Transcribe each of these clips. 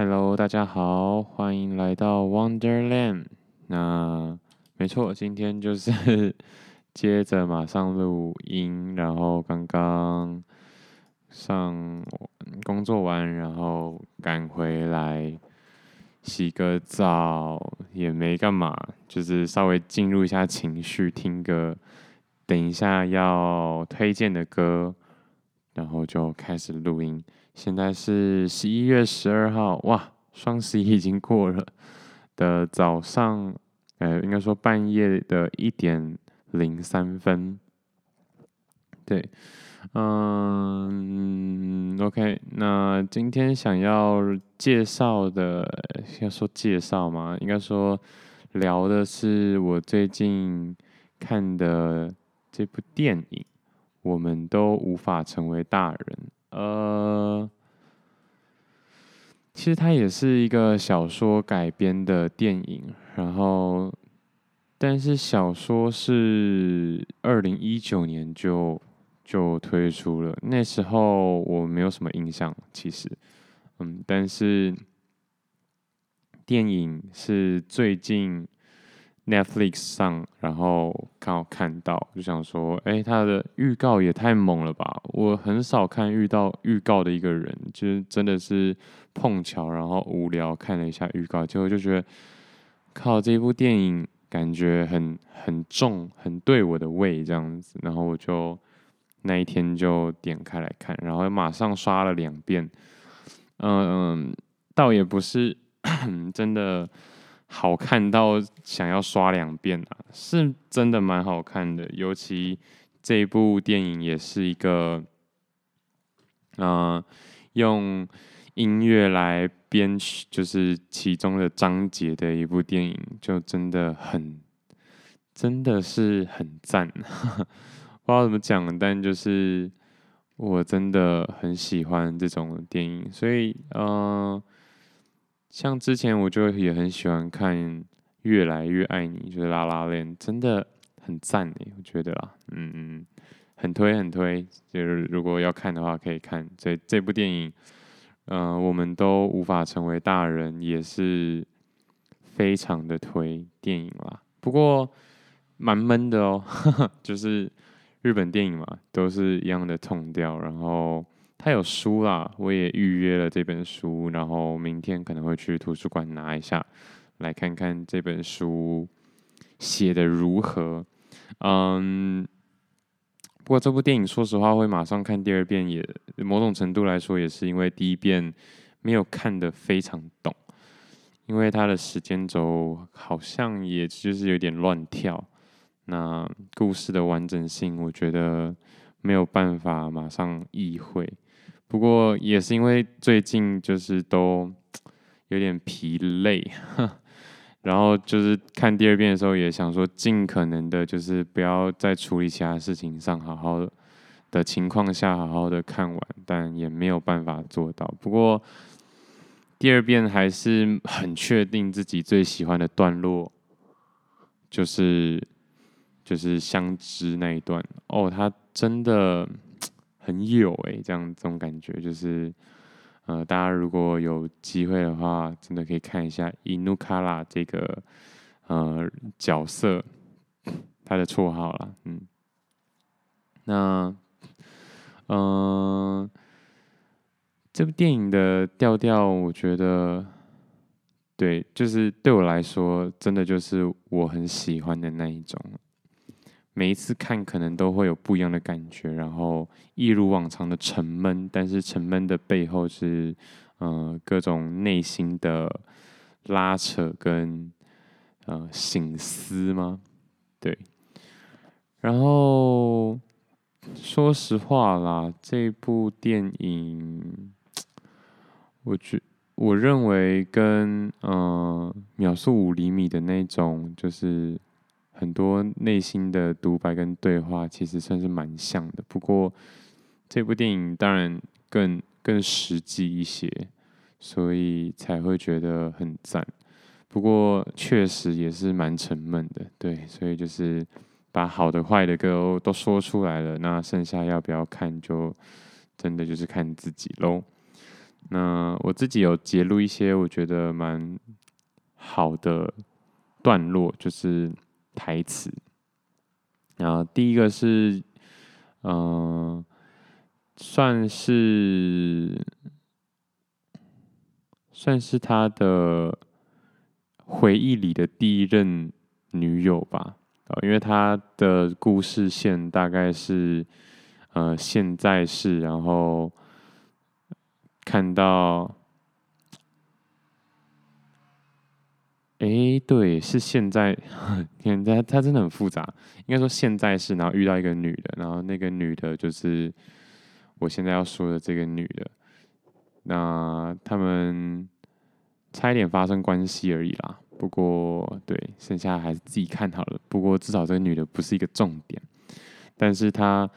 Hello，大家好，歡迎來到 Wonderland。那沒錯，今天就是呵呵接着馬上錄音，然後剛剛上工作完，然後趕回來洗個澡，也沒幹嘛，就是稍微進入一下情緒，聽歌。等一下要推薦的歌，然後就開始錄音。現在是十一月十二號，哇，雙十一已經過了的早上，呃，應該說半夜的一點零三分。對，嗯，OK，那今天想要介紹的，要說介紹嗎？應該說聊的是我最近看的這部電影，《我們都無法成為大人》。呃，其實它也是一個小說改編的電影，然後，但是小說是二零一九年就就推出了，那時候我沒有什麼印象，其實，嗯，但是電影是最近 Netflix 上，然後剛好看到，就想說，哎、欸，他的預告也太猛了吧！我很少看預告，預告的一個人，就是真的是碰巧，然後無聊看了一下預告，結果就覺得，靠，這部電影感覺很很重，很對我的胃這樣子，然後我就那一天就點開來看，然後馬上刷了兩遍，嗯嗯，倒也不是 真的。好看到想要刷兩遍啊，是真的蠻好看的。尤其這部電影也是一個，嗯、呃，用音樂來編曲，就是其中的章節的一部電影，就真的很，真的是很讚。不知道怎麼講，但就是我真的很喜歡這種電影，所以嗯。呃像之前我就也很喜歡看《越來越愛你》，就是拉拉鏈，真的很贊哎，我覺得啊，嗯嗯，很推很推，就是如果要看的話可以看這這部電影。嗯、呃，我們都無法成為大人，也是非常的推電影啦。不過蠻悶的哦呵呵，就是日本電影嘛，都是一樣的痛掉，然後。他有書啦，我也預約了這本書，然後明天可能會去圖書館拿一下，來看看這本書寫的如何。嗯，um，不過這部電影說實話會馬上看第二遍也，也某種程度來說也是因為第一遍沒有看得非常懂，因為它的時間軸好像也就是有點亂跳，那故事的完整性我覺得沒有辦法馬上意會。不過也是因為最近就是都有點疲累，然後就是看第二遍的時候也想說盡可能的，就是不要再處理其他事情上好好的情況下好好的看完，但也沒有辦法做到。不過第二遍還是很確定自己最喜歡的段落，就是就是相知那一段哦，他真的。很有誒、欸，這樣這種感覺就是，呃，大家如果有機會的話，真的可以看一下伊努卡拉這個呃角色，他的綽號啦。嗯，那嗯、呃，這部電影的調調，我覺得對，就是對我來說，真的就是我很喜歡的那一種。每一次看可能都會有不一樣的感覺，然後一如往常的沉悶，但是沉悶的背後是，呃，各種內心的拉扯跟，呃，省思嗎？對，然後說實話啦，這部電影，我覺我認為跟呃《秒速五釐米》的那種就是。很多內心的獨白跟對話其實算是蠻像的，不過這部電影當然更更實際一些，所以才會覺得很讚。不過確實也是蠻沉悶的，對，所以就是把好的壞的都都說出來了。那剩下要不要看，就真的就是看自己嘍。那我自己有截錄一些我覺得蠻好的段落，就是。台詞，然後第一個是，嗯，算是算是他的回憶裡的第一任女友吧，因為他的故事線大概是，呃，現在是，然後看到。哎、欸，對，是現在，現天他，他真的很複雜。應該說現在是，然後遇到一個女的，然後那個女的就是我現在要說的這個女的。那他們差一點發生關係而已啦。不過，對，剩下還是自己看好了。不過，至少這個女的不是一個重點。但是她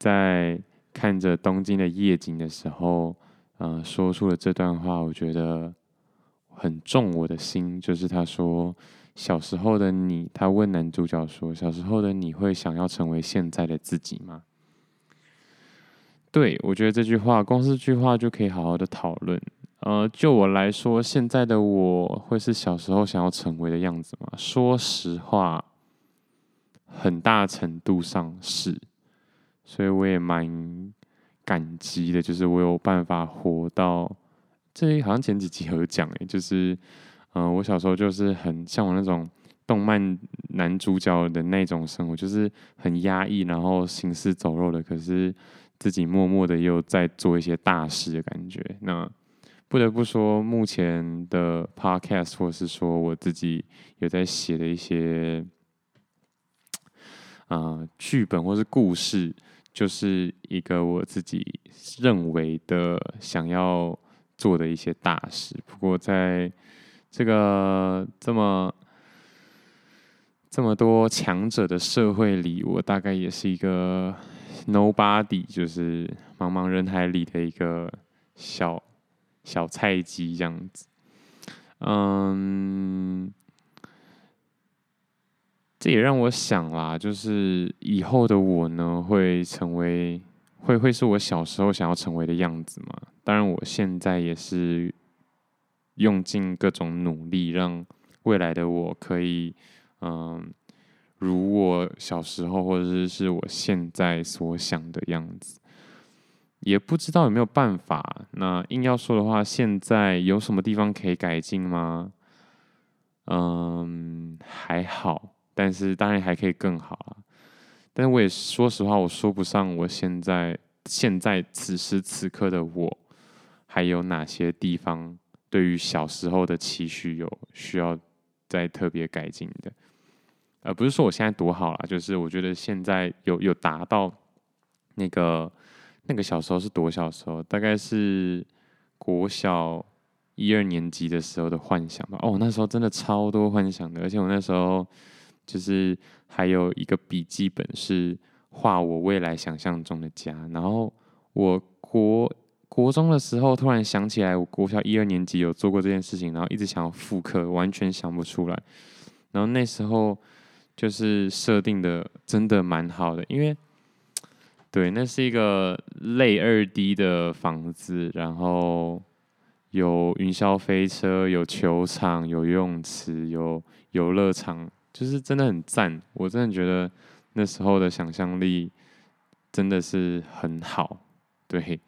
在看着東京的夜景的時候，嗯、呃，說出了這段話，我覺得。很中我的心，就是他說小時候的你，他問男主角說：“小時候的你會想要成為現在的自己嗎？”對，我覺得這句話，光是這句話就可以好好的討論。呃，就我來說，現在的我會是小時候想要成為的樣子嗎？說實話，很大程度上是，所以我也蠻感激的，就是我有辦法活到。這好像前幾集有講誒，就是、呃，我小時候就是很嚮往那種動漫男主角的那種生活，就是很壓抑，然後行屍走肉的，可是自己默默的又在做一些大事的感覺。那不得不說，目前的 podcast 或是說我自己有在寫的一些，啊、呃，劇本或是故事，就是一個我自己認為的想要。做的一些大事，不過在、這個，這個這麼這麼多強者的社會裡，我大概也是一個 nobody，就是茫茫人海裡的一個小小菜雞這樣子。嗯，這也讓我想啦，就是以後的我呢，會成為，會會是我小時候想要成為的樣子嗎？當然，我現在也是用盡各種努力，讓未來的我可以，嗯，如我小時候，或者是我現在所想的樣子。也不知道有沒有辦法。那硬要說的話，現在有什麼地方可以改進嗎？嗯，還好，但是當然還可以更好啊。但是我也說實話，我說不上我現在現在此時此刻的我。還有哪些地方對於小時候的期許有需要再特別改進的？而、呃、不是說我現在多好啦，就是我覺得現在有有達到那個那個小時候，是多小時候？大概是國小一二年級的時候的幻想吧。哦，那時候真的超多幻想的，而且我那時候就是還有一個筆記本是畫我未來想象中的家，然後我國。國中的時候，突然想起來，我國小一二年級有做過這件事情，然後一直想要復刻，完全想不出來。然後那時候就是設定的真的蠻好的，因為對，那是一個類二 D 的房子，然後有雲霄飛車，有球場，有游泳池，有遊樂場，就是真的很讚。我真的覺得那時候的想象力真的是很好，對。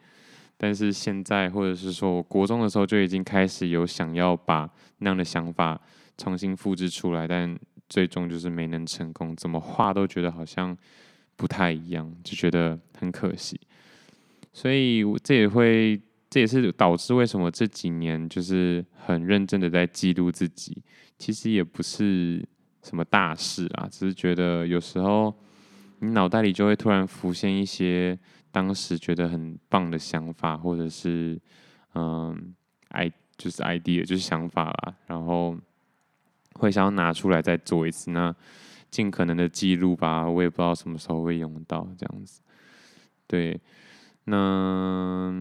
但是現在，或者是說國中的時候就已經開始有想要把那樣的想法重新複製出來，但最終就是沒能成功。怎麼畫都覺得好像不太一樣，就覺得很可惜。所以這也會，這也是導致為什麼這幾年就是很認真的在記錄自己。其實也不是什麼大事啊，只是覺得有時候你腦袋裡就會突然浮現一些。當時覺得很棒的想法，或者是嗯，I 就是 idea 就是想法啦，然後會想要拿出來再做一次，那盡可能的記錄吧。我也不知道什麼時候會用到這樣子，對，那。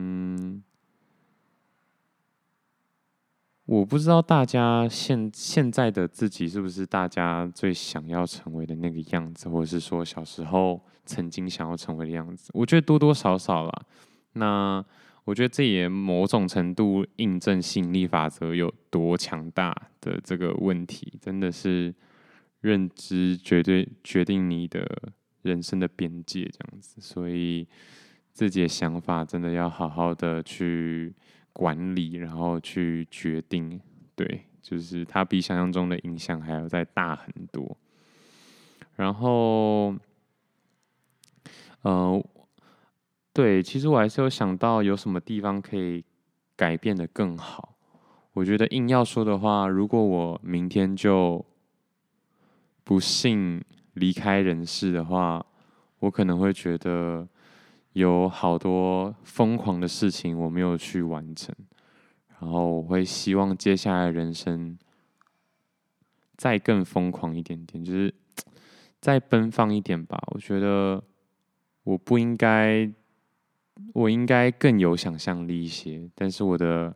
我不知道大家現現在的自己是不是大家最想要成為的那個樣子，或者是說小時候曾經想要成為的樣子？我覺得多多少少啦。那我覺得這也某種程度印證吸引力法則有多強大的這個問題，真的是認知絕對決定你的人生的邊界這樣子。所以自己的想法真的要好好的去。管理，然後去決定，對，就是它比想象中的影響還要再大很多。然後，嗯、呃，對，其實我還是有想到有什麼地方可以改變的更好。我覺得硬要說的話，如果我明天就不幸離開人世的話，我可能會覺得。有好多瘋狂的事情我沒有去完成，然後我會希望接下來的人生再更瘋狂一點點，就是再奔放一點吧。我覺得我不應該，我應該更有想象力一些。但是我的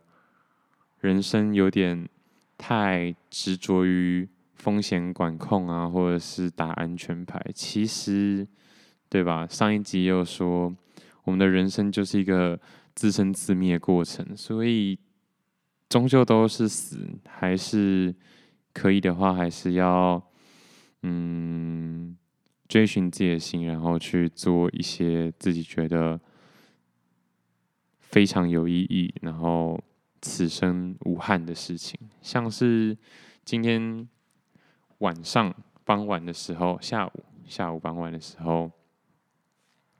人生有點太執着於風險管控啊，或者是打安全牌。其實，對吧？上一集又說。我們的人生就是一個自生自滅的過程，所以終究都是死。還是可以的話，還是要嗯追尋自己的心，然後去做一些自己覺得非常有意義，然後此生無憾的事情。像是今天晚上傍晚的時候，下午下午傍晚的時候，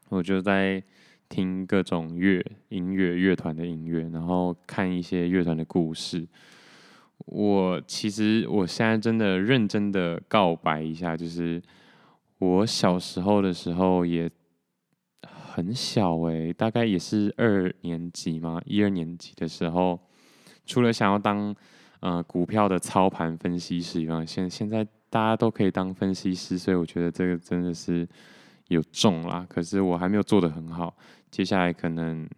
我就在。聽各種樂音樂樂團的音樂，然後看一些樂團的故事。我其實我現在真的認真的告白一下，就是我小時候的時候也很小誒、欸，大概也是二年級嘛，一二年級的時候，除了想要當呃股票的操盤分析師以外，現現在大家都可以當分析師，所以我覺得這個真的是有中啦，可是我還沒有做得很好。接下來可能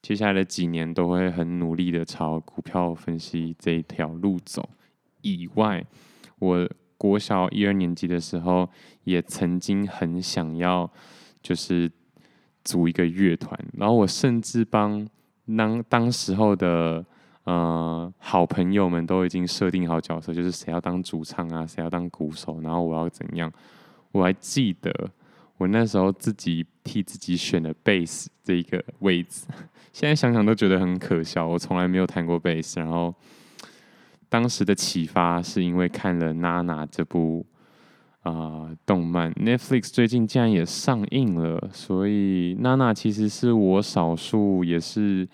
接下來的幾年都會很努力的朝股票分析這一條路走，以外，我國小一二年級的時候，也曾經很想要，就是組一個樂團。然後我甚至幫當當時候的呃好朋友們都已經設定好角色，就是誰要當主唱啊，誰要當鼓手，然後我要怎樣？我還記得。我那時候自己替自己選了 bass 這一個位置，現在想想都覺得很可笑。我從來沒有彈過 bass 然後當時的啟發是因為看了《娜娜》這部啊、呃、動漫，Netflix 最近竟然也上映了，所以《娜娜》其實是我少數也是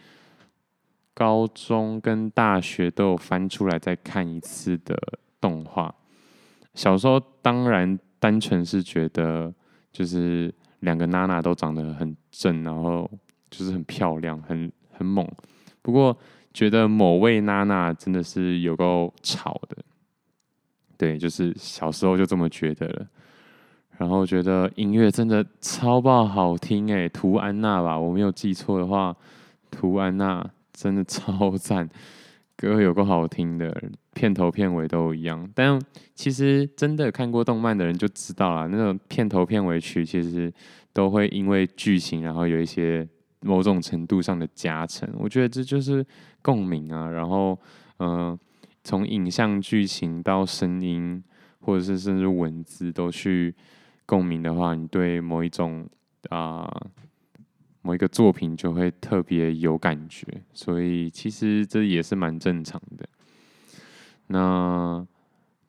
高中跟大學都有翻出來再看一次的動畫。小時候當然單純是覺得。就是兩個娜娜都長得很正，然後就是很漂亮，很很猛。不過覺得某位娜娜真的是有夠吵的，對，就是小時候就這麼覺得了。然後覺得音樂真的超爆好聽誒、欸，圖安娜吧，我沒有記錯的話，圖安娜真的超讚，歌有夠好聽的。片頭片尾都一樣，但其實真的看過動漫的人就知道啦。那種片頭片尾曲其實都會因為劇情，然後有一些某種程度上的加成。我覺得這就是共鳴啊。然後，嗯、呃，從影像、劇情到聲音，或者是甚至文字都去共鳴的話，你對某一種啊、呃、某一個作品就會特別有感覺。所以，其實這也是蠻正常的。那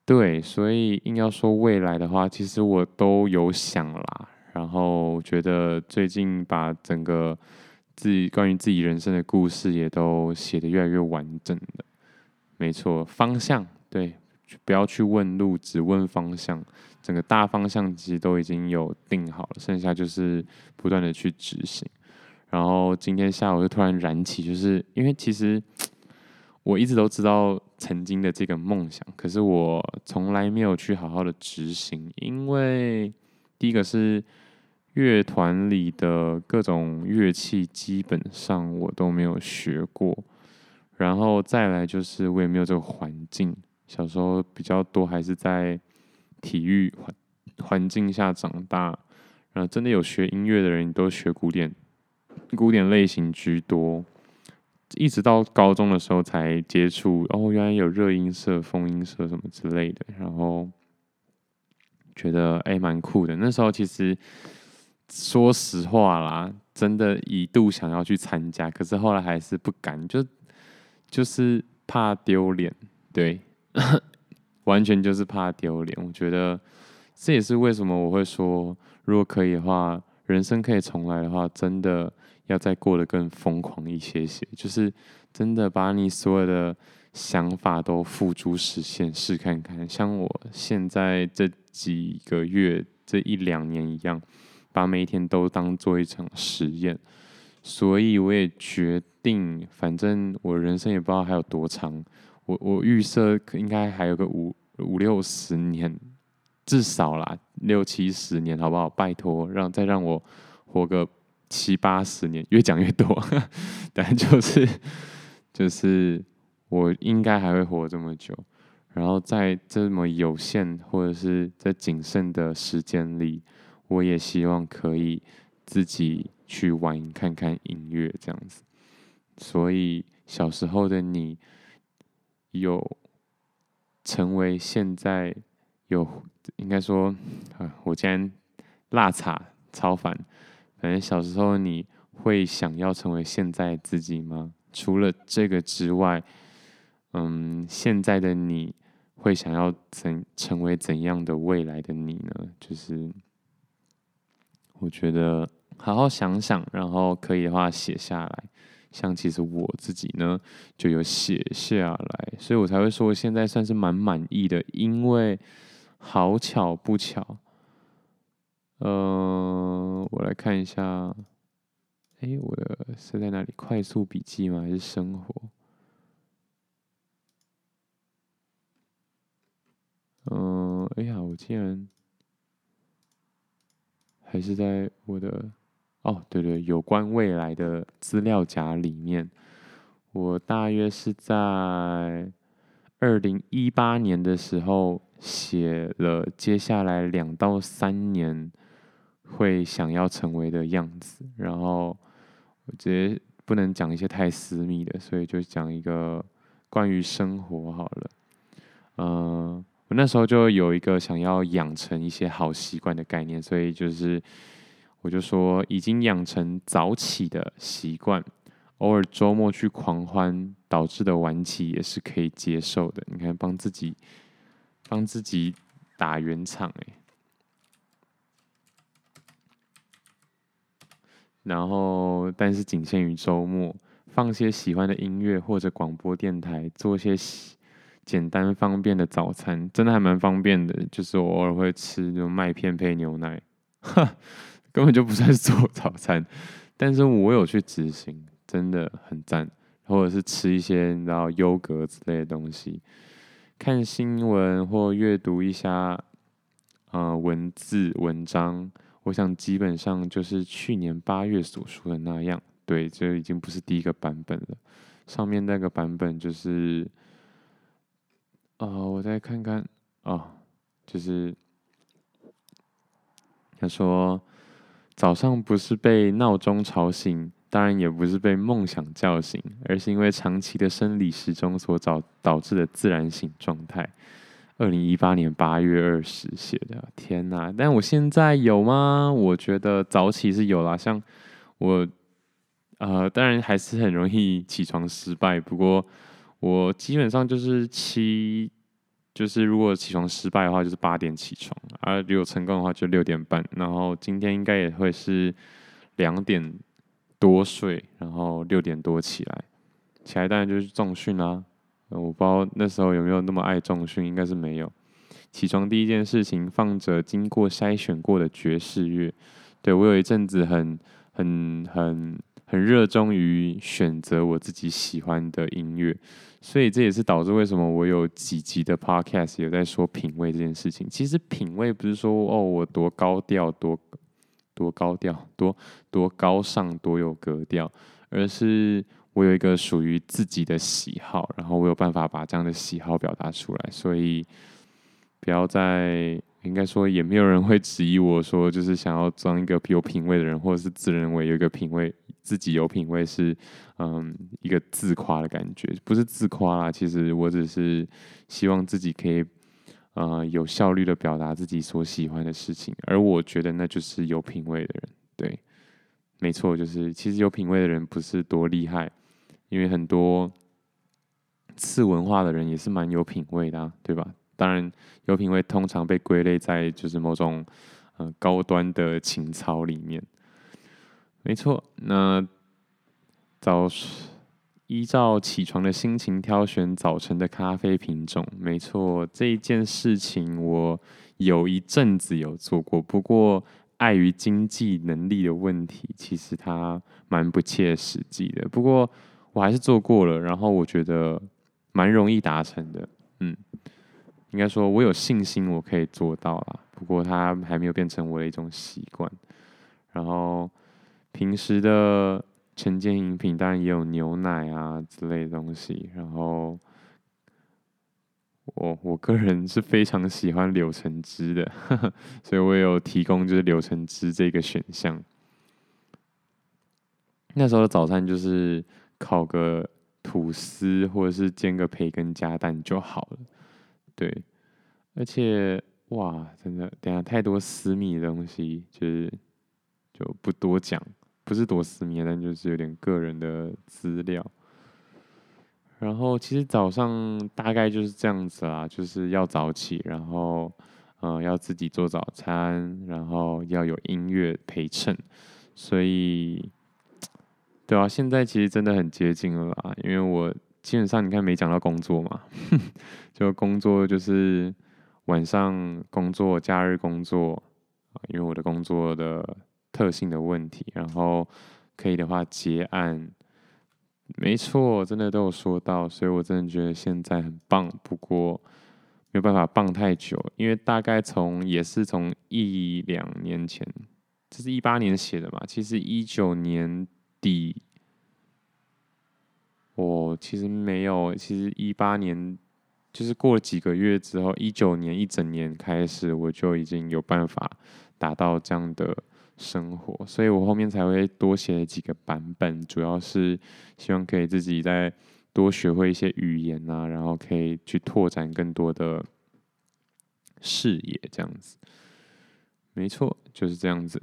對，所以硬要說未來的話，其實我都有想啦。然後覺得最近把整個自己關於自己人生的故事也都寫得越來越完整的。沒錯，方向對，不要去問路，只問方向。整個大方向其實都已經有定好了，剩下就是不斷的去執行。然後今天下午就突然燃起，就是因為其實。我一直都知道曾經的這個夢想，可是我從來沒有去好好的執行。因為第一個是樂團裡的各種樂器，基本上我都沒有學過；然後再來就是我也沒有這個環境。小時候比較多還是在體育環環境下長大，然後真的有學音樂的人，都學古典，古典類型居多。一直到高中的時候才接觸，哦，原來有熱音社、風音社什麼之類的，然後覺得誒，蠻酷的。那時候其實說實話啦，真的一度想要去參加，可是後來還是不敢，就就是怕丟臉，對， 完全就是怕丟臉。我覺得這也是為什麼我會說，如果可以的話，人生可以重來的話，真的。要再過得更瘋狂一些些，就是真的把你所有的想法都付諸實現，試看看。像我現在這幾個月、這一兩年一樣，把每一天都當做一場實驗。所以我也決定，反正我人生也不知道還有多長，我我預設應該還有個五五六十年，至少啦，六七十年，好不好？拜託，讓再讓我活個。七八十年，越講越多呵呵，但就是就是我應該還會活這麼久，然後在這麼有限或者是在僅剩的時間裡，我也希望可以自己去玩看看音樂這樣子。所以小時候的你，有成為現在有，應該說啊，我今天辣茶超凡。反正小時候你會想要成為現在自己嗎？除了這個之外，嗯，現在的你會想要怎成為怎樣的未來的你呢？就是我覺得好好想想，然後可以的話寫下來。像其實我自己呢，就有寫下來，所以我才會說現在算是蠻滿意的，因為好巧不巧。嗯、呃，我來看一下。哎、欸,我的是在哪裡？快速筆記嗎？還是生活？嗯、呃，哎、欸、呀，我竟然還是在我的，哦，對對，有關未來的資料夾裡面。我大約是在二零一八年的時候寫了接下來兩到三年，會想要成為的樣子，然後我覺得不能講一些太私密的，所以就講一個關於生活好了。嗯、呃，我那時候就有一個想要養成一些好習慣的概念，所以就是我就說已經養成早起的習慣，偶爾週末去狂歡導致的晚起也是可以接受的。你看，幫自己幫自己打圓場、欸。然後，但是僅限於週末，放些喜歡的音樂或者廣播電台，做些簡單方便的早餐，真的還蠻方便的。就是我偶爾會吃那種麥片配牛奶，哈,根本就不算做早餐。但是我有去執行，真的很讚。或者是吃一些你知道優格之類的東西，看新聞或閱讀一下呃文字文章。我想基本上就是去年八月所說的那樣。對，這已經不是第一個版本了。上面那個版本就是，啊、呃，我再看看啊、哦，就是他說早上不是被鬧鐘吵醒，當然也不是被夢想叫醒，而是因為長期的生理時鐘所導導致的自然醒狀態。二零一八年八月二十寫的，天哪！但我現在有嗎？我覺得早起是有啦，像我，呃，當然還是很容易起床失敗。不過我基本上就是七，就是如果起床失敗的話，就是八點起床啊；而如果成功的話，就六點半。然後今天應該也會是兩點多睡，然後六點多起來，起來當然就是重訓啦、啊。我不知道那時候有沒有那麼愛重訓，應該是沒有。起床第一件事情放着經過篩選過的爵士樂。對，我有一陣子很、很、很、很熱衷於選擇我自己喜歡的音樂，所以這也是導致為什麼我有幾集的 Podcast 有在說品味這件事情。其實品味不是說哦，我多高調、多多高調、多多高尚、多有格調，而是。我有一個屬於自己的喜好，然後我有辦法把這樣的喜好表達出來，所以不要再應該說，也沒有人會質疑我說就是想要裝一個比較有品味的人，或者是自認為有一個品味，自己有品味是嗯一個自誇的感覺，不是自誇啦。其實我只是希望自己可以呃有效率的表達自己所喜歡的事情，而我覺得那就是有品味的人。對，沒錯，就是其實有品味的人不是多厲害。因為很多次文化的人也是蠻有品味的啊，對吧？當然，有品味通常被歸類在就是某種嗯、呃、高端的情操裡面。沒錯，那早依照起床的心情挑選早晨的咖啡品種，沒錯，這一件事情我有一陣子有做過，不過礙於經濟能力的問題，其實它蠻不切實際的。不過。我還是做過了，然後我覺得蠻容易達成的，嗯，應該說我有信心我可以做到啦。不過它還沒有變成我的一種習慣。然後平時的晨間飲品當然也有牛奶啊之類的東西。然後我我個人是非常喜歡柳橙汁的呵呵，所以我有提供就是柳橙汁這個選項。那時候的早餐就是。烤個吐司，或者是煎個培根加蛋就好了。對，而且哇，真的，等下太多私密的東西，就是就不多講，不是多私密，但就是有點個人的資料。然後其實早上大概就是這樣子啦，就是要早起，然後嗯、呃，要自己做早餐，然後要有音樂陪襯，所以。對啊，現在其實真的很接近了啊！因為我基本上你看沒講到工作嘛，呵呵，就工作就是晚上工作、假日工作，啊，因為我的工作的特性的問題。然後可以的話結案，沒錯，真的都有說到，所以我真的覺得現在很棒。不過沒有辦法棒太久，因為大概從也是從一兩年前，這是一八年寫的嘛，其實一九年。第，我其實沒有，其實一八年就是過了幾個月之後，一九年一整年開始，我就已經有辦法達到這樣的生活，所以我後面才會多寫幾個版本，主要是希望可以自己再多學會一些語言吶、啊，然後可以去拓展更多的視野，這樣子，沒錯，就是這樣子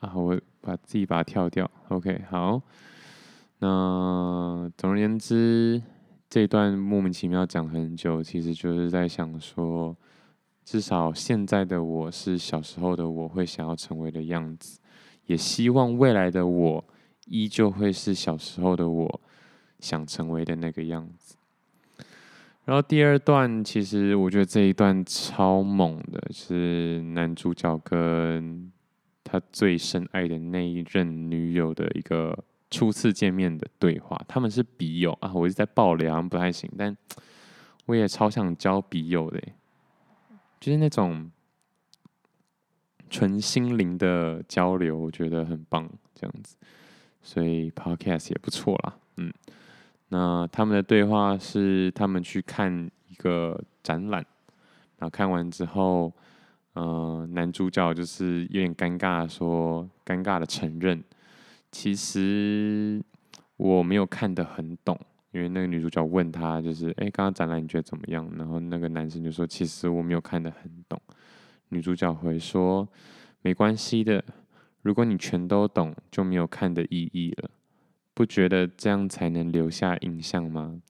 啊，我。把自己把它跳掉，OK，好。那總而言之，這一段莫名其妙講很久，其實就是在想說，至少現在的我是小時候的我會想要成為的樣子，也希望未來的我依舊會是小時候的我想成為的那個樣子。然後第二段，其實我覺得這一段超猛的，是男主角跟。他最深愛的那一任女友的一個初次見面的對話，他們是筆友啊，我一直在爆雷，好像不太行，但我也超想交筆友的，就是那種純心靈的交流，我覺得很棒，這樣子，所以 podcast 也不錯啦，嗯，那他們的對話是他們去看一個展覽，然後看完之後。嗯、呃，男主角就是有點尷尬說，說尷尬的承認，其實我沒有看得很懂。因為那個女主角問他，就是哎，剛、欸、剛展覽你覺得怎麼樣？然後那個男生就說，其實我沒有看得很懂。女主角回說，沒關係的，如果你全都懂，就沒有看的意義了。不覺得這樣才能留下印象嗎？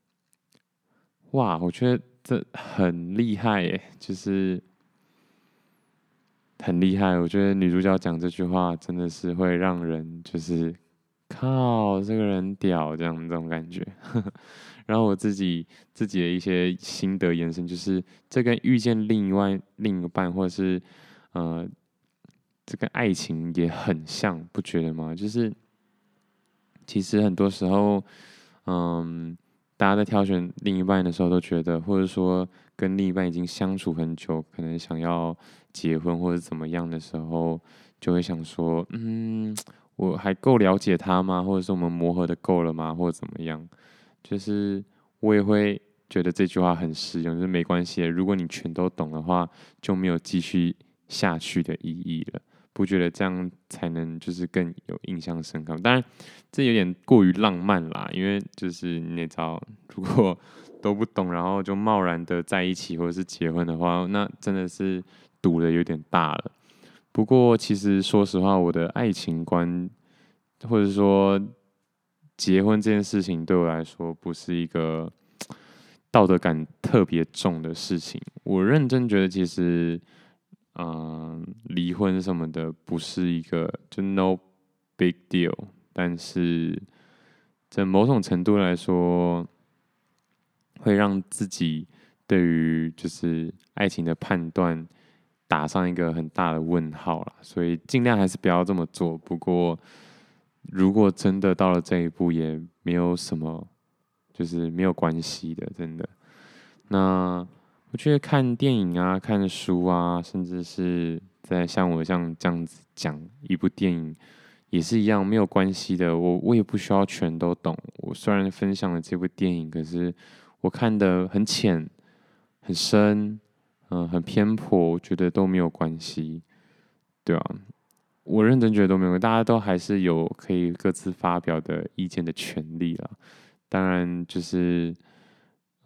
哇，我覺得這很厲害耶、欸，就是。很厲害，我覺得女主角講這句話真的是會讓人就是，靠，這個人屌這樣這種感覺。 然後我自己自己的一些心得延伸，就是這跟遇見另外另一半，或者是呃，這跟愛情也很像，不覺得嗎？就是其實很多時候，嗯。大家在挑選另一半的時候，都覺得，或者說跟另一半已經相處很久，可能想要結婚或者怎麼樣的時候，就會想說，嗯，我還夠了解他嗎？或者是我們磨合的夠了嗎？或者怎麼樣？就是我也會覺得這句話很實用，就是沒關係，如果你全都懂的話，就沒有繼續下去的意義了。不覺得這樣才能就是更有印象深刻。當然，這有點過於浪漫啦，因為就是那招，如果都不懂，然後就貿然的在一起或者是結婚的話，那真的是賭的有點大了。不過，其實說實話，我的愛情觀或者說結婚這件事情，對我來說不是一個道德感特別重的事情。我認真覺得，其實。嗯，離婚什麼的不是一個就 no big deal，但是在某種程度來說，會讓自己對於就是愛情的判斷打上一個很大的問號啦。所以盡量還是不要這麼做。不過，如果真的到了這一步，也沒有什麼，就是沒有關係的，真的。那我覺得看電影啊、看書啊，甚至是在像我這樣這樣子講一部電影，也是一樣沒有關係的。我我也不需要全都懂。我雖然分享了這部電影，可是我看得很淺、很深，嗯、呃，很偏頗，我覺得都沒有關係，對啊，我認真覺得都沒有，大家都還是有可以各自發表的意見的權利了。當然就是。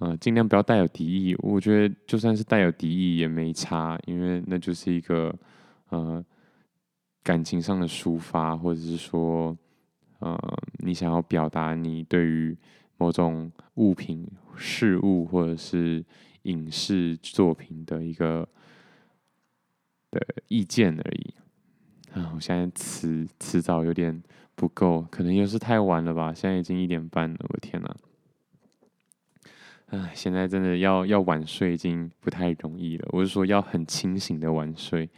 呃，盡量不要帶有敵意。我覺得就算是帶有敵意也沒差，因為那就是一個呃感情上的抒發，或者是說呃你想要表達你對於某種物品、事物或者是影視作品的一個的意見而已。啊、呃，我現在詞詞藻有點不夠，可能又是太晚了吧？現在已經一點半了，我的天哪！唉，現在真的要要晚睡已經不太容易了。我是說要很清醒的晚睡。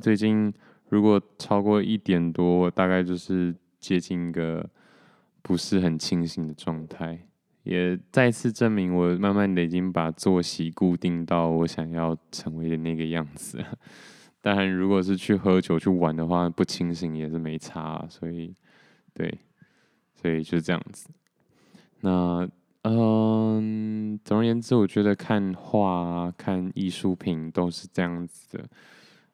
最近如果超過一點多，大概就是接近一個不是很清醒的狀態。也再次證明我慢慢的已經把作息固定到我想要成為的那個樣子。當然，如果是去喝酒去玩的話，不清醒也是沒差啊。所以，對，所以就這樣子。那。嗯，總而言之，我覺得看畫、啊、看藝術品都是這樣子的。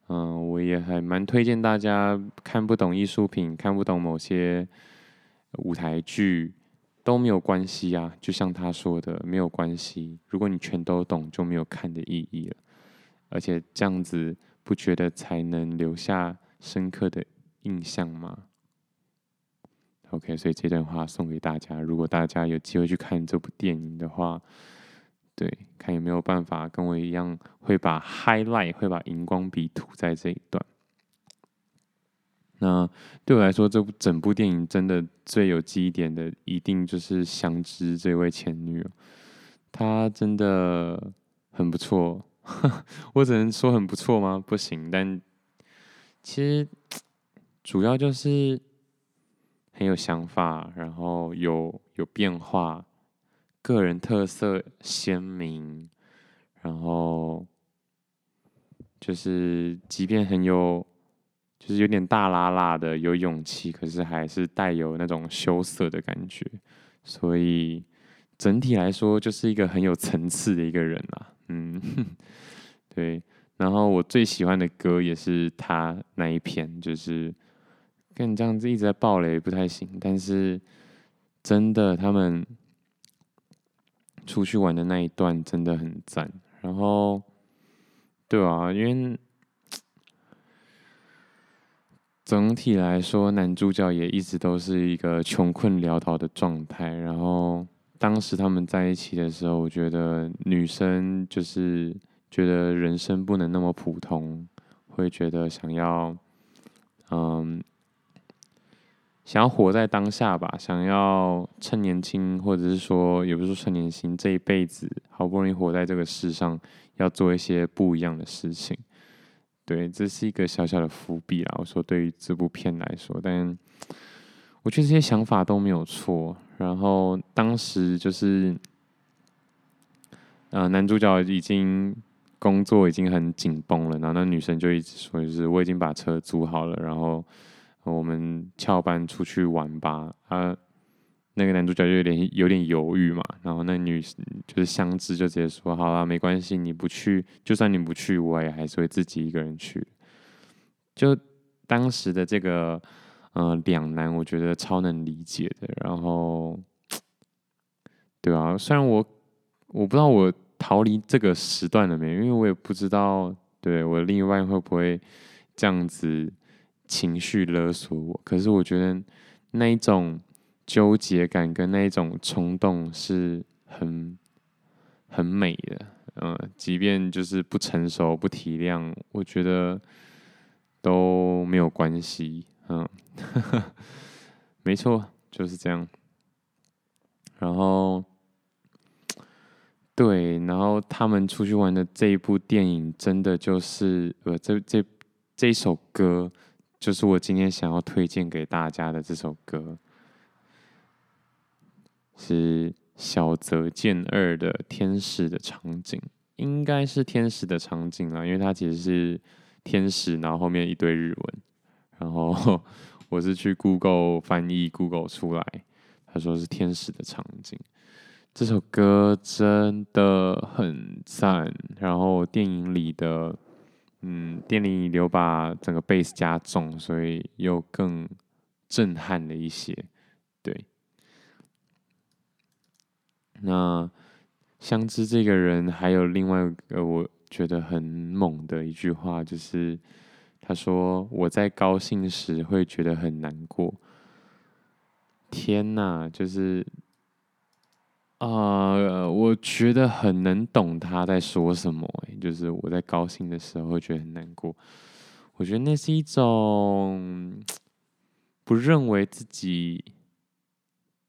嗯，我也還蠻推薦大家看不懂藝術品、看不懂某些舞台劇都沒有關係啊。就像他說的，沒有關係。如果你全都懂，就沒有看的意義了。而且這樣子不覺得才能留下深刻的印象嗎？OK，所以這段話送給大家。如果大家有機會去看這部電影的話，對，看有沒有辦法跟我一樣，會把 highlight，會把熒光筆塗在這一段。那對我來說，這部整部電影真的最有記憶點的，一定就是香織這位前女友，喔。她真的很不錯，我只能說很不錯嗎？不行，但其實主要就是。很有想法，然後有有變化，個人特色鮮明，然後就是，即便很有，就是有點大剌剌的，有勇氣，可是還是帶有那種羞澀的感覺，所以整體來說就是一個很有層次的一個人啦、啊。嗯呵呵，對，然後我最喜歡的歌也是他那一篇，就是。跟你這樣子一直在暴雷也不太行，但是真的，他們出去玩的那一段真的很讚。然後，對啊，因為整體來說，男主角也一直都是一個窮困潦倒的狀態。然後，當時他們在一起的時候，我覺得女生就是覺得人生不能那麼普通，會覺得想要，嗯。想要活在當下吧，想要趁年輕，或者是說，也不是說趁年輕，這一輩子好不容易活在這個世上，要做一些不一樣的事情。對，這是一個小小的伏筆啦。我說，對於這部片來說，但我覺得這些想法都沒有錯。然後當時就是，呃，男主角已經工作已經很緊繃了，然後那女生就一直說，就是我已經把車租好了，然後。我們翹班出去玩吧？啊，那個男主角就有點有點猶豫嘛。然後那女就是香織就直接說：“好啦，沒關係，你不去，就算你不去，我也還是會自己一個人去。就”就當時的這個、呃、兩難，我覺得超能理解的。然後，對啊，雖然我我不知道我逃離這個時段了沒，因為我也不知道對我另一半會不會這樣子。情緒勒索我，可是我覺得那一種糾結感跟那一種衝動是很很美的，嗯、呃，即便就是不成熟、不體諒，我覺得都沒有關係，嗯、呃，沒錯，就是這樣。然後，對，然後他們出去玩的這一部電影，真的就是呃，這這這首歌。就是我今天想要推薦給大家的這首歌，是小澤健二的《天使的場景》，應該是天使的場景啊，因為它其實是天使，然後後面一堆日文，然後我是去 Google 翻譯，Google 出來，他說是天使的場景。這首歌真的很讚，然後電影裡的。嗯，電流把整個 bass 加重，所以又更震撼了一些。對，那相知這個人還有另外呃，我覺得很猛的一句話就是，他說，我在高興時會覺得很難過。天哪，就是。啊、uh，我覺得很能懂他在說什麼、欸。就是我在高興的時候會覺得很難過。我覺得那是一種不認為自己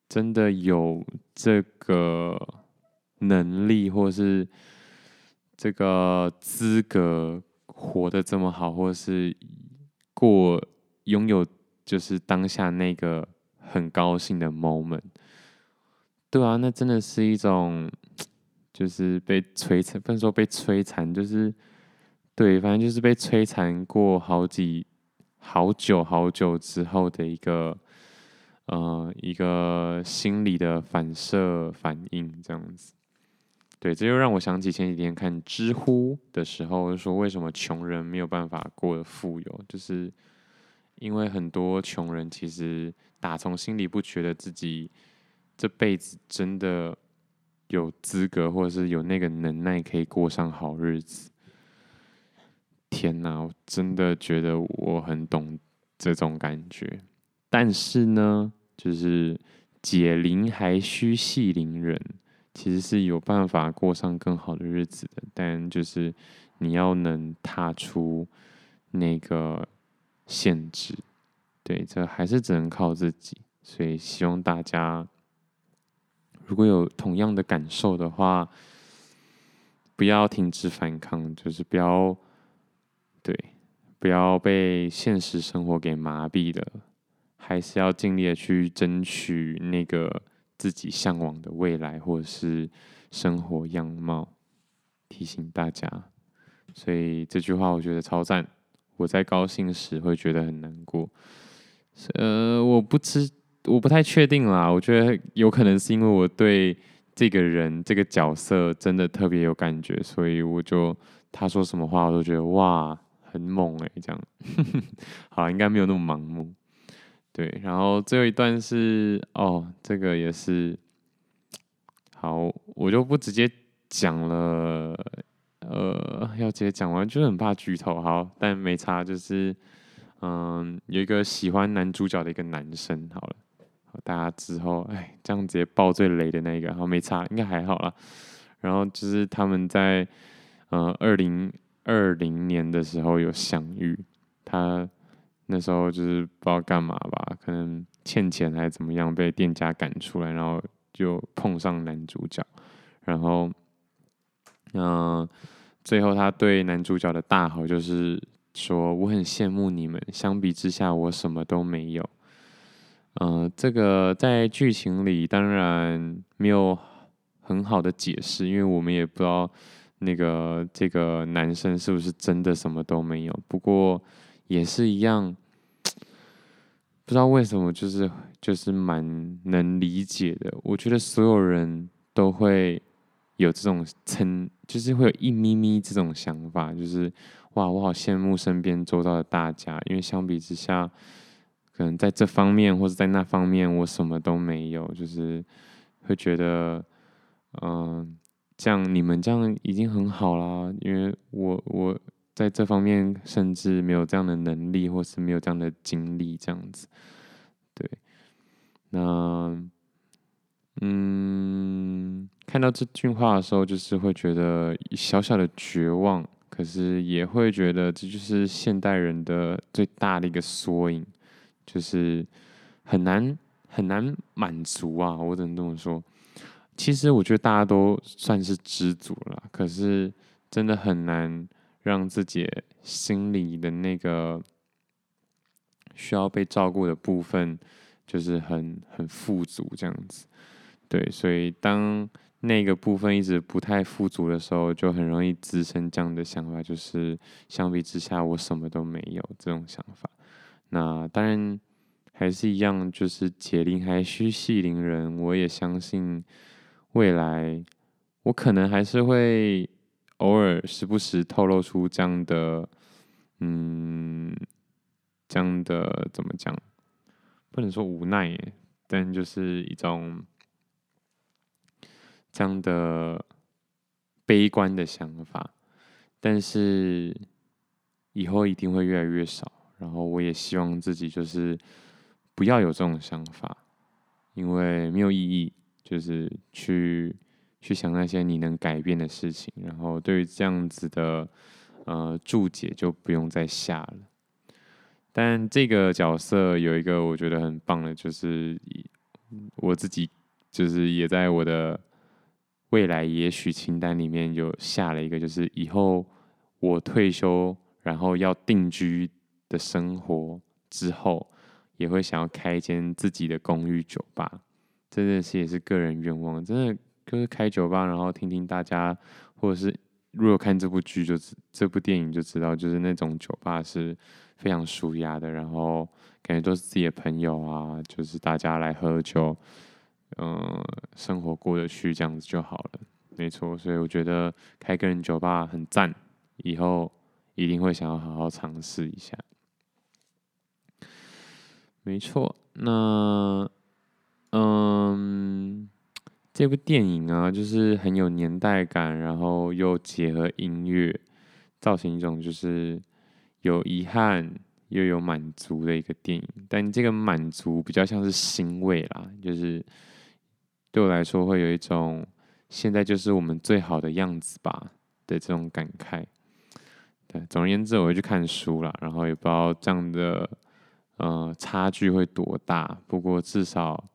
真的有這個能力，或是這個資格活得這麼好，或是過擁有就是當下那個很高興的 moment。對啊，那真的是一種，就是被摧殘，不能說被摧殘，就是，對，反正就是被摧殘過好幾、好久、好久之後的一個，呃，一個心理的反射反應，這樣子。對，這又讓我想起前幾天看知乎的時候，就說為什麼窮人沒有辦法過得富有，就是因為很多窮人其實打從心裡不覺得自己。這輩子真的有資格，或者是有那個能耐，可以過上好日子。天哪，我真的覺得我很懂這種感覺。但是呢，就是解鈴還需繫鈴人，其實是有辦法過上更好的日子的。但就是你要能踏出那個限制，對，這還是只能靠自己。所以希望大家。如果有同樣的感受的話，不要停止反抗，就是不要對，不要被現實生活給麻痹了，還是要盡力的去爭取那個自己嚮往的未來或者是生活樣貌。提醒大家，所以這句話我覺得超讚。我在高興時會覺得很難過，呃，我不知。我不太確定啦，我覺得有可能是因為我對這個人這個角色真的特別有感覺，所以我就他說什麼話我都覺得哇很猛欸，這樣， 好，應該沒有那麼盲目，對。然後最後一段是哦，這個也是，好，我就不直接講了，呃，要直接講完就是很怕劇透，好，但沒差，就是嗯，有一個喜歡男主角的一個男生，好了。大家之後，哎，這樣子也爆最雷的那個，好，沒差，應該還好啦。然後就是他們在，呃，二零二零年的時候有相遇。他那時候就是不知道幹嘛吧，可能欠錢還是怎麼樣，被店家趕出來，然後就碰上男主角。然後，嗯、呃，最後他對男主角的大好就是說：“我很羨慕你們，相比之下，我什麼都沒有。”嗯、呃，這個在劇情裡當然沒有很好的解釋，因為我們也不知道那個這個男生是不是真的什麼都沒有。不過也是一樣，不知道為什麼就是就是蠻能理解的。我覺得所有人都會有這種稱，就是會有一咪咪這種想法，就是哇，我好羨慕身邊周遭的大家，因為相比之下。可能在這方面，或者在那方面，我什麼都沒有，就是會覺得，嗯、呃，這樣你們這樣已經很好啦。因為我我在這方面甚至沒有這樣的能力，或是沒有這樣的經歷，這樣子。對，那，嗯，看到這句話的時候，就是會覺得小小的絕望，可是也會覺得這就是現代人的最大的一個縮影。就是很難很難滿足啊！我只能這麼說。其實我覺得大家都算是知足了，可是真的很難讓自己心裡的那個需要被照顧的部分，就是很很富足這樣子。對，所以當那個部分一直不太富足的時候，就很容易滋生這樣的想法，就是相比之下我什麼都沒有這種想法。那當然還是一樣，就是解鈴還須繫鈴人。我也相信未來，我可能還是會偶爾、時不時透露出這樣的，嗯，這樣的怎麼講？不能說無奈，但就是一種這樣的悲觀的想法。但是以後一定會越來越少。然後我也希望自己就是不要有這種想法，因為沒有意義。就是去去想那些你能改變的事情。然後對於這樣子的呃註解，就不用再下了。但這個角色有一個我覺得很棒的，就是我自己就是也在我的未來也許清單裡面就下了一個，就是以後我退休，然後要定居的生活之後，也會想要開一間自己的公寓酒吧。真的是也是個人願望，真的就是開酒吧，然後聽聽大家，或者是如果看這部劇，就這部電影就知道，就是那種酒吧是非常舒壓的，然後感覺都是自己的朋友啊，就是大家來喝酒，嗯，生活過得去這樣子就好了，沒錯。所以我覺得開個人酒吧很讚，以後一定會想要好好嘗試一下。沒錯，那，嗯，這部電影啊，就是很有年代感，然後又結合音樂，造成一種就是有遺憾又有滿足的一個電影。但這個滿足比較像是欣慰啦，就是對我來說會有一種現在就是我們最好的樣子吧的這種感慨。對，總而言之，我會去看書啦，然後也不知道這樣的。呃，差距會多大？不過至少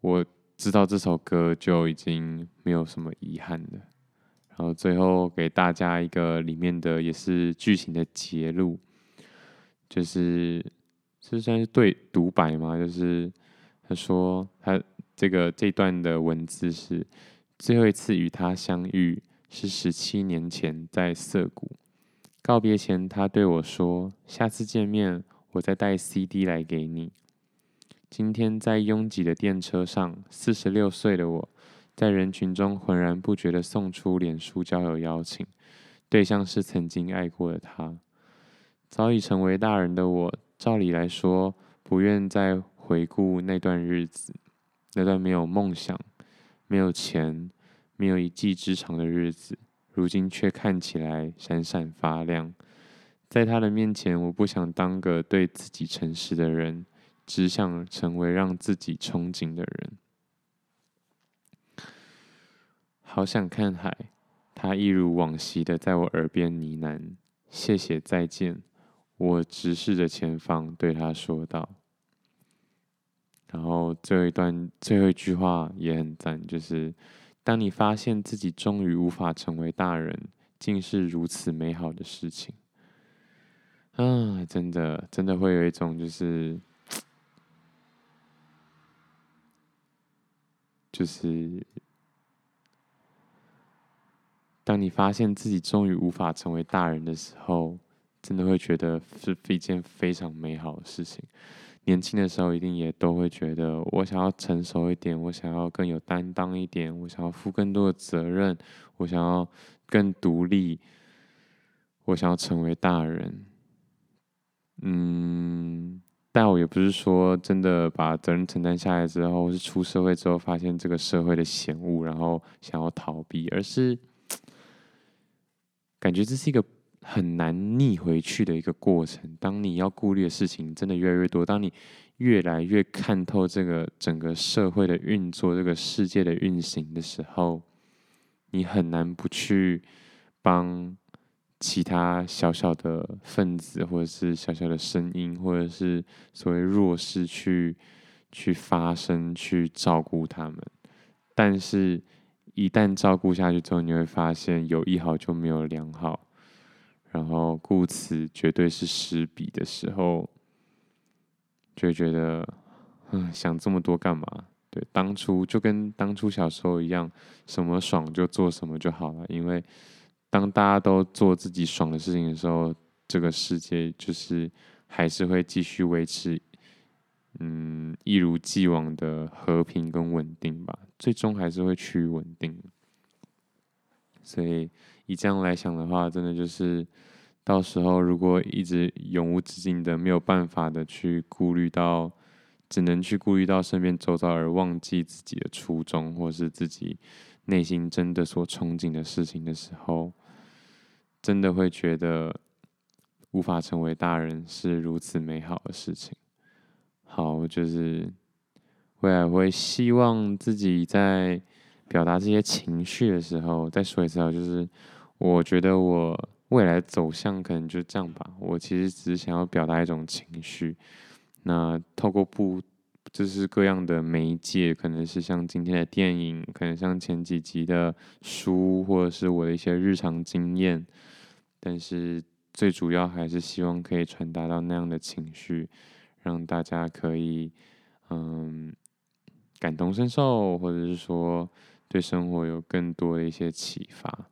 我知道這首歌就已經沒有什麼遺憾了。然後最後給大家一個裡面的也是劇情的節錄，就是這算是，是，是對獨白嗎？就是他說他這個這段的文字是最後一次與他相遇是十七年前在澀谷告別前，他對我說：“下次見面。”我再帶 CD 來給你。今天在擁擠的電車上，四十六歲的我在人群中渾然不覺地送出臉書交友邀請，對象是曾經愛過的他。早已成為大人的我，照理來說不願再回顧那段日子，那段沒有夢想、沒有錢、沒有一技之長的日子，如今卻看起來閃閃發亮。在他的面前，我不想當個對自己誠實的人，只想成為讓自己憧憬的人。好想看海，他一如往昔的在我耳邊呢喃：“謝謝，再見。”我直視着前方，對他說道。然後，最後一段最後一句話也很讚，就是：“當你發現自己終於無法成為大人，竟是如此美好的事情。”啊，真的，真的會有一種就是，就是，當你發現自己終於無法成為大人的時候，真的會覺得是一件非常美好的事情。年輕的時候，一定也都會覺得，我想要成熟一點，我想要更有擔當一點，我想要負更多的責任，我想要更獨立，我想要成為大人。嗯，但我也不是說真的把責任承擔下來之後，是出社會之後發現這個社會的險惡，然後想要逃避，而是感覺這是一個很難逆回去的一個過程。當你要顧慮的事情真的越來越多，當你越來越看透這個整個社會的運作、這個世界的運行的時候，你很難不去幫。其他小小的分子，或者是小小的聲音，或者是所謂弱勢去，去去發聲，去照顧他們。但是，一旦照顧下去之後，你會發現有一好就沒有兩好，然後故此絕對是失彼的時候，就覺得，嗯，想這麼多幹嘛？對，當初就跟當初小時候一樣，什麼爽就做什麼就好了，因為。當大家都做自己爽的事情的時候，這個世界就是還是會繼續維持，嗯，一如既往的和平跟穩定吧。最終還是會趨於穩定。所以以這樣來想的話，真的就是到時候如果一直永無止境的沒有辦法的去顧慮到，只能去顧慮到身邊周遭而忘記自己的初衷或是自己內心真的所憧憬的事情的時候。真的會覺得無法成為大人是如此美好的事情。好，我就是未來會希望自己在表達這些情緒的時候，再說一次啊，就是我覺得我未來走向可能就這樣吧。我其實只是想要表達一種情緒，那透過不就是各樣的媒介，可能是像今天的電影，可能像前幾集的書，或者是我的一些日常經驗。但是最主要還是希望可以傳達到那樣的情緒，讓大家可以，嗯，感同身受，或者是說對生活有更多的一些啟發。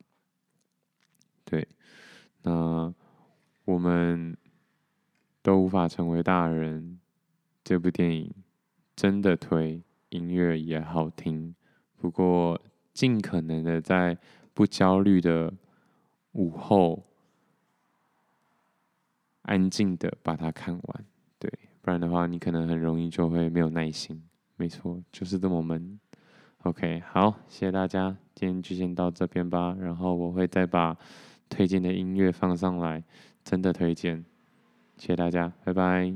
對，那我們都無法成為大人。這部電影真的推，音樂也好聽，不過盡可能的在不焦慮的午後。安靜的把它看完，對，不然的話你可能很容易就會沒有耐心。沒錯，就是這麼悶。OK，好，謝謝大家，今天就先到這邊吧。然後我會再把推薦的音樂放上來，真的推薦。謝謝大家，拜拜。